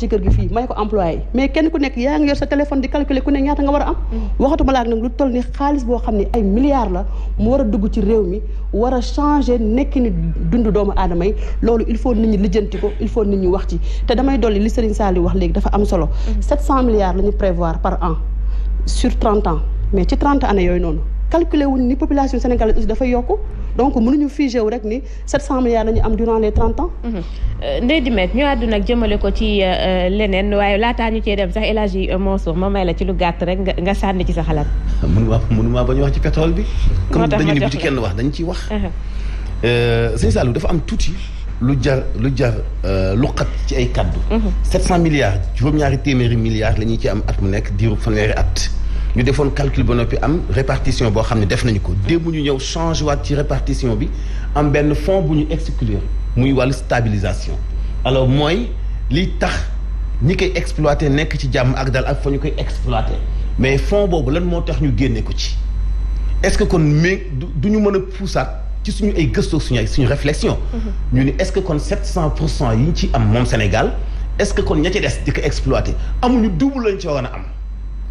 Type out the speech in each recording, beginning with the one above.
ci kër gi fii may ko employé mais kenn ku nekk yaa ngi yor sa téléphone di calculer ku ne ñaata nga war a am mm-hmm. waxatuma laak nag lu toll ni xaalis boo xam ne ay milliards la mu war a dugg ci réew mi war a changer nekki ni dund doomu aadama yi loolu il faut nit ñi lijjanti ko il faut nit ñi wax ci te damay dolli li Serigne Sall wax léegi dafa am solo mm-hmm. sept cent milliards la ñu prévoir par an sur trente ans mais ci trente années yooyu noonu calculer wu ni population sénégalaise dafa yokku donc mënuñu figé wu rek ni 700 milliards lañu am durant les 30 ans. Mhm. Euh, Ndeye Dimet ñu àddu nag jëmale ko ci euh, euh, leneen waaye laataa ñu cee dem sax El Hadji Mansour ma may la ci lu gàtt rek nga sànni ci sa xalaat. mënuma mënuma ba ñu wax ci pétrole bi. comme dañu ni bu ci kenn wax dañu ciy wax. sëñ Saalum dafa am tuuti lu jar lu jar luqat ci ay kaddu. 700 mhm. milliards juróom-ñaari téeméeri milliards la ñuy ci am at mu nekk diiru fanweeri at. ñu defoon calcul ba noppi am répartition boo xam ne def nañu ko démb ñu ñëw change waat ci répartition bi am benn fonds bu ñu exclure muy wàllu stabilisation alors mooy li tax ñi koy exploité nekk ci jàmm ak dal ak fa ñu koy exploité mais fonds boobu lan moo tax ñu génne ko ci est-ce que kon mais du ñu mën a puusaat ci suñu ay gëstoo suñu ay suñu réflexion mm-hmm. ñu ni est-ce que kon sept cent pour cent yi ci am moom Sénégal est-ce que kon ña ci des di ko exploité amuñu double lañ ci wan a am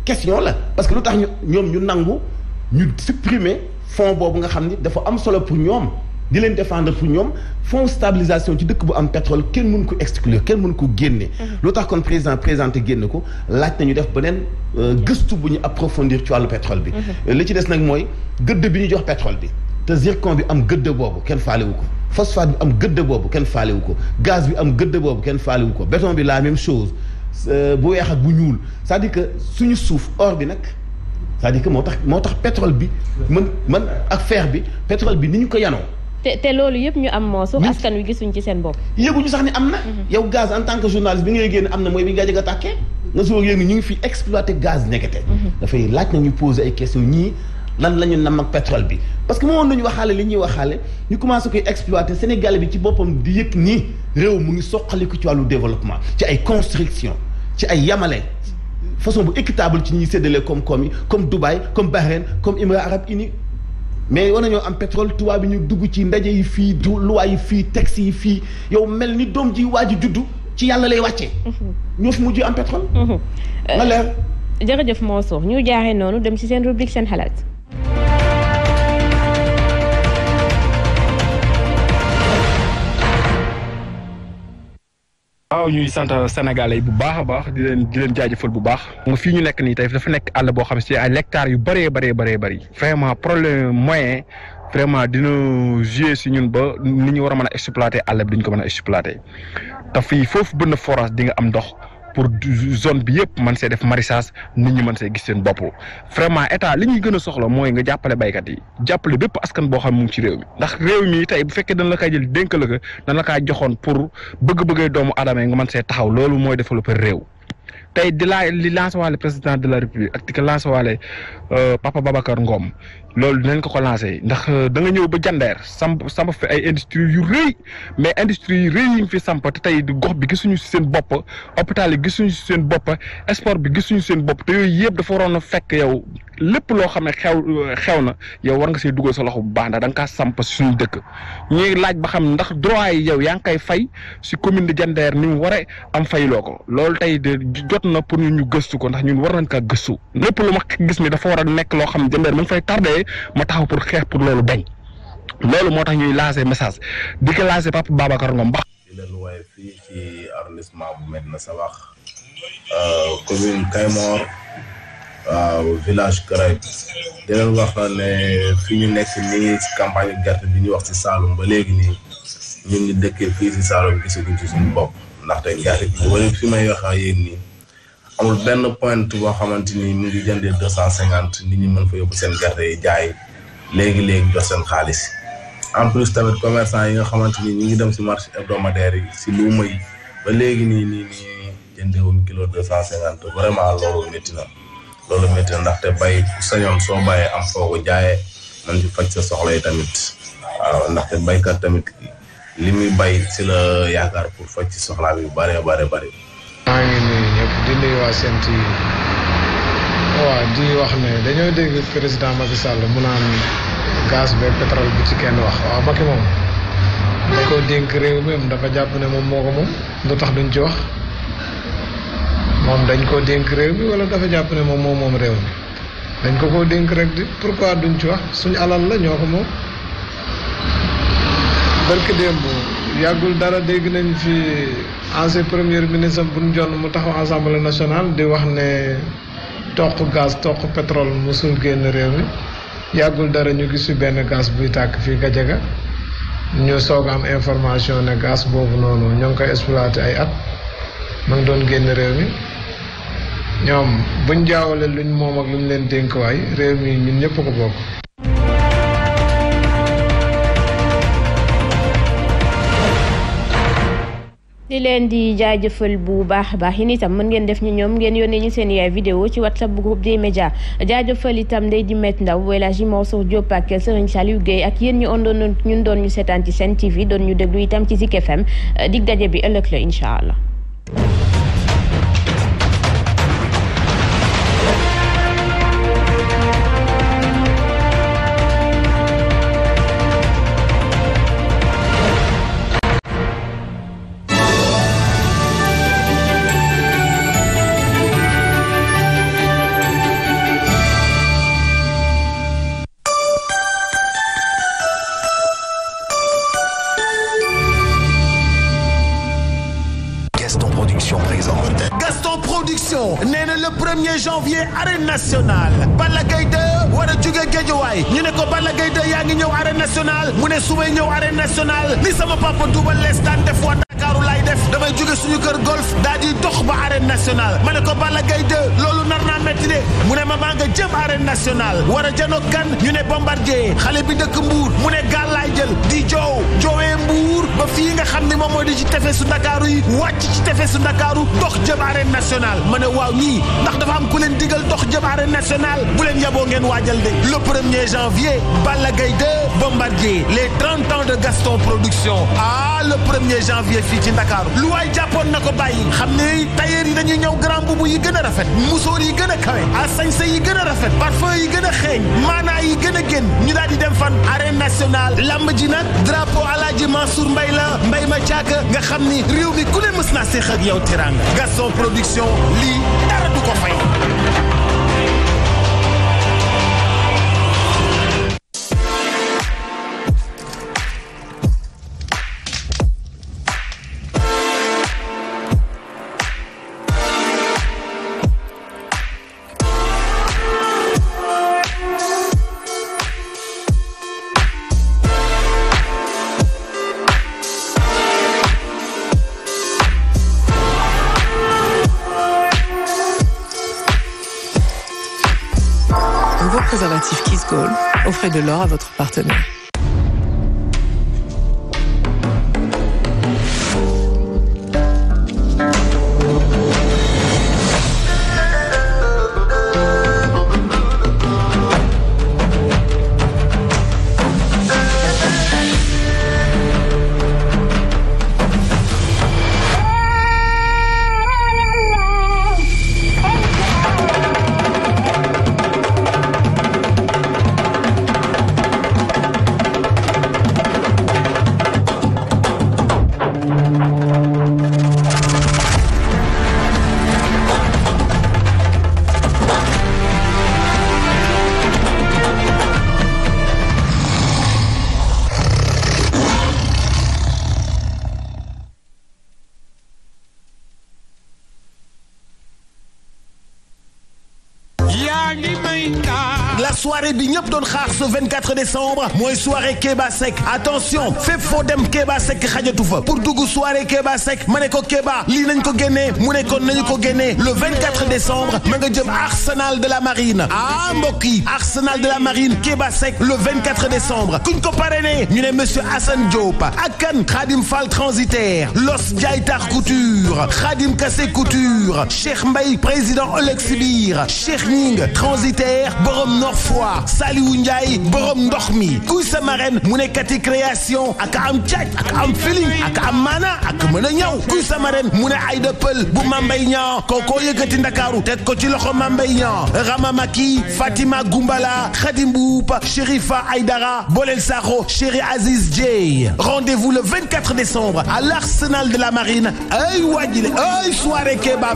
question la parce que lu tax ñu ñoom ñu nangu ñu supprimer fonds boobu nga xam ni dafa am solo pour ñoom di leen défendre pour ñoom fonds stabilisation ci dëkk bu am pétrole kenn mën ko exclure kenn mën ko génne. Mhm. lu tax kon président présenté génne ko laaj na ñu def beneen euh, gëstu bu ñu approfondir ci wàllu pétrole bi. Mhm. Euh, li ci des nag mooy gëdd bi ñu jox pétrole bi. te zircon bi am gëdd boobu kenn faalewu ko phosphate bi am gëdd boobu kenn faalewu ko gaz bi am gëdd boobu kenn faalewu ko béton bi la même chose. Euh, bu weex ak bu ñuul cest di dire que suñu suuf or bi nag cest di que moo tax moo tax pétrole bi man man ak fer bi pétrole bi ni ñu ko yanoo te te loolu yëpp ñu am moo su askan wi gisuñ ci seen bopp ñu sax ni am na mhm. yow gaz en tant que journaliste bi nga génn am na mooy bi nga jëg a tàkkee nga soo yéen ñu ngi fi exploité gaz négatif mhm. dafay laaj na ñu poser ay questions ñii lan la ñu nam ak pétrole bi parce que moom nañu waxaale li ñuy waxaale ñu commencé koy exploité Sénégal bi ci boppam di yëg nii réew mu ngi soqaliku ci wàllu développement ci ay construction ci ay yamale façon bu équitable ci ñuy séddale koom-koom yi comme Dubaï comme Bahreïn comme Émirats arabes unis mais war nañoo am pétrole tubaab bi ñu dugg ci ndaje yi fii du loi yi fii texte yi fii yow mel ni doom ji waa ji juddu ci yàlla lay wàccee. Mhm. ñoo fi mujj am pétrole. Mhm. nga leer. Euh, jërëjëf Mansour ñu jaaree noonu dem ci seen rubrique seen xalaat. ginnaaw ñuy sant Sénégalais bu baax a baax di leen di leen jaajëfal bu baax nga fii ñu nekk nii tey dafa nekk àll boo xam si ay hectares yu bëree bëree bëree bëri vraiment problème moyen vraiment dina jouer si ñun ba ni ñu war a mën a exploiter àll bi duñ ko mën a exploiter te fii foofu bënn forage di am ndox pour zone bi yëpp man see def maraîchage nit ñi mën see gis seen bopp vraiment état li ñuy gën a soxla mooy nga jàppale baykat yi jàppale bépp askan boo xam mu ngi ci réew mi ndax réew mi tey bu fekkee dañ la koy jël dénk la la kaa joxoon pour bëgg-bëggee doomu adama yi nga mën see taxaw loolu mooy par réew tey di laa li lancé waale président de la république ak di ko lancé waale euh, papa Babacar ngoom loolu dinañ ko ko lancé ndax euh, da ñëw ba jandeer samp samp fi ay industrie yu rëy mais industrie yu rëy yi nga fi samp te tey gox bi gisuñu si seen bopp hôpital yi gisuñu seen bopp sport bi gisuñu seen bopp te yëpp dafa waroon fekk yow lépp loo xam ne xew euh, xew na yow war nga see dugal sa loxo bu baax ndax da nga kaa samp dëkk ñuy laaj ba xam ndax droit yi yow yaa ngi koy fay si commune de jandeer ni mu am fayloo ko loolu tey de jot na pour ñun ñu gëstu ko ndax ñu war nañ kaa gëstu lépp lu ma gis ni dafa war a nekk loo xam jëndeer mu ngi fay tardé ma taxaw pour xeex pour loolu dañ loolu moo tax ñuy lancé message di ko lancé Papa Babacar Ngom Ba. di leen wooye fii ci arrondissement bu Medina Sabax euh, commune Kaymor waaw village Karaye di leen wax ne fi ñu nekk nii ci campagne gerte bi ñu wax ci Saalum ba léegi nii ñu ngi dëkkee fii ci Saalum gisaguñ ci suñu bopp ndaxte gerte bi wala fi may wax ak yéen amul benn point boo xamante ni mu ngi jëndee deux cent cinquante nit ñi mën fa yóbbu seen gerte yi jaay léegi-léegi jox seen xaalis en plus tamit commerçant yi nga xamante ni ñu ngi dem si marché hebdomadaire yi si luuma yi ba léegi nii nii nii jëndewuñ kilo deux cent cinquante vraiment loolu métti na loolu métti ndaxte bay sañoon soo bàyyee am foo ko jaayee man faj soxla yi tamit waaw ndaxte baykat tamit li muy bay si la yaakaar pour faj ci soxlaa bi bare bare bare nuyu waa Sen TV waaw di wax ne dañoo dégg président Macky Sall mu naan gaz beeg pétrole bi ci kenn wax waaw Macky moom da koo dénk réew mi dafa jàpp ne moom moo ko moom lu tax duñ ci dañ koo dénk réew mi wala dafa jàpp ne moom moom moom réew mi dañ ko koo dénk rek di pourquoi duñ ci wax suñu alal la ñoo ko moom barke démb yàggul dara dégg nañ fi ancien premier ministre buñ jonn mu taxaw assemblée nationale di wax ne toq gaz toq pétrole mosul génn réew mi yàggul dara ñu gis fi benn gaz buy tàkk fii Gajaga ñu soog am information ne gaz boobu noonu ñoo ngi koy exploité ay at ma ngi doon génn réew mi ñoom buñ jaawale luñ moom ak luñ leen dénk waay réew mi ñun ñëpp ko bokk. di leen di jëfal bu baax a baax yéen itam mën ngeen def ñu ñoom ngeen yónnee ñu seen yaay vidéo ci whatsapp bu groupe des médias jaajëfal itam day di met ndaw El Hadji Mansour Diop ak Serigne Saliou Gueye ak yéen ñu ondoon ñun doon ñu seetaan ci Sen TV doon ñu déglu itam ci Zik FM dig daje bi ëllëg la incha allah 21 janvier arène nationale Balla Gaye 2 war a jóge Géejawaay ñu ne ko Balla Gaye 2 yaa ngi ñëw arène nationale mu ne su may ñëw arène nationale li sama papa Double Less daan def waa Dakaaru laay def damay jóge suñu kër golf daal dox ba arène nationale ma ne ko Balla Gaye 2 loolu nar naa metti de mu ne ma maa nga jëm arène nationale war a kan ñu ne bombardier xale bi dëkk Mbuur mu ne ni moo di ci tefesu su yi wàcc ci tefesu ndakaaru dox jëm arène nationale ma ne waaw ñii ndax dafa am ku leen digal dox jëm arène nationale bu leen yaboo ngeen waajal de le premier janvier Balla Gaye 2 Bombardier les 30 ans de Gaston Production ah le premier janvier fii ci ndakaaru lu waay jàppoon na ko bàyyi xam ne tailleur yi dañuy ñëw grand boubou yi gën a rafet musóor yi gën a kawe a sañse yi gën a rafet parfum yi gën a xeeñ maanaa yi gën a génn ñu daal di dem fan arène nationale lamb ji nag drapeau Alaaji Mansour Mbay mbay ma caaka nga xam ni réew mi ku ne mës naa séq ak yow teraanga Production lii Call. Offrez de l'or à votre partenaire. la soirée bi ñëpp doon xaar ce 24 décembre mooy soirée Kéba Seck attention fépp foo dem Kéba Seck xajatu fa pour dugg soirée Kéba Seck ma ne ko Kéba lii nañ ko génnee mu ne kon nañu ko génnee le 24 décembre ma nga Arsenal de la Marine ah mbokk yi Arsenal de la Marine Kéba Seck le 24 décembre kuñ ko parrainé ñu ne monsieur Assane Diop ak kan Khadim Fall transitaire Los Diaytar Couture Khadim Kassé Couture Cheikh Mbaye Nord Foire Saliou Ndiaye borom ndox mi kuy sa marraine mu nekkati création ak am caaj ak am feeling ak am maana ak mën a ñaw kuy sa marraine mu ne ay dëppal bu mambay ñaa kookoo yëkkati ndakaaru teg ko ci loxo mambay ñaa ramamaki fatima gumbala xadim buup ay aydara bolel sakho chéri aziz dieye rendez-vous le décembre à l'arsenal de la marine ay wajile ay soirée kebab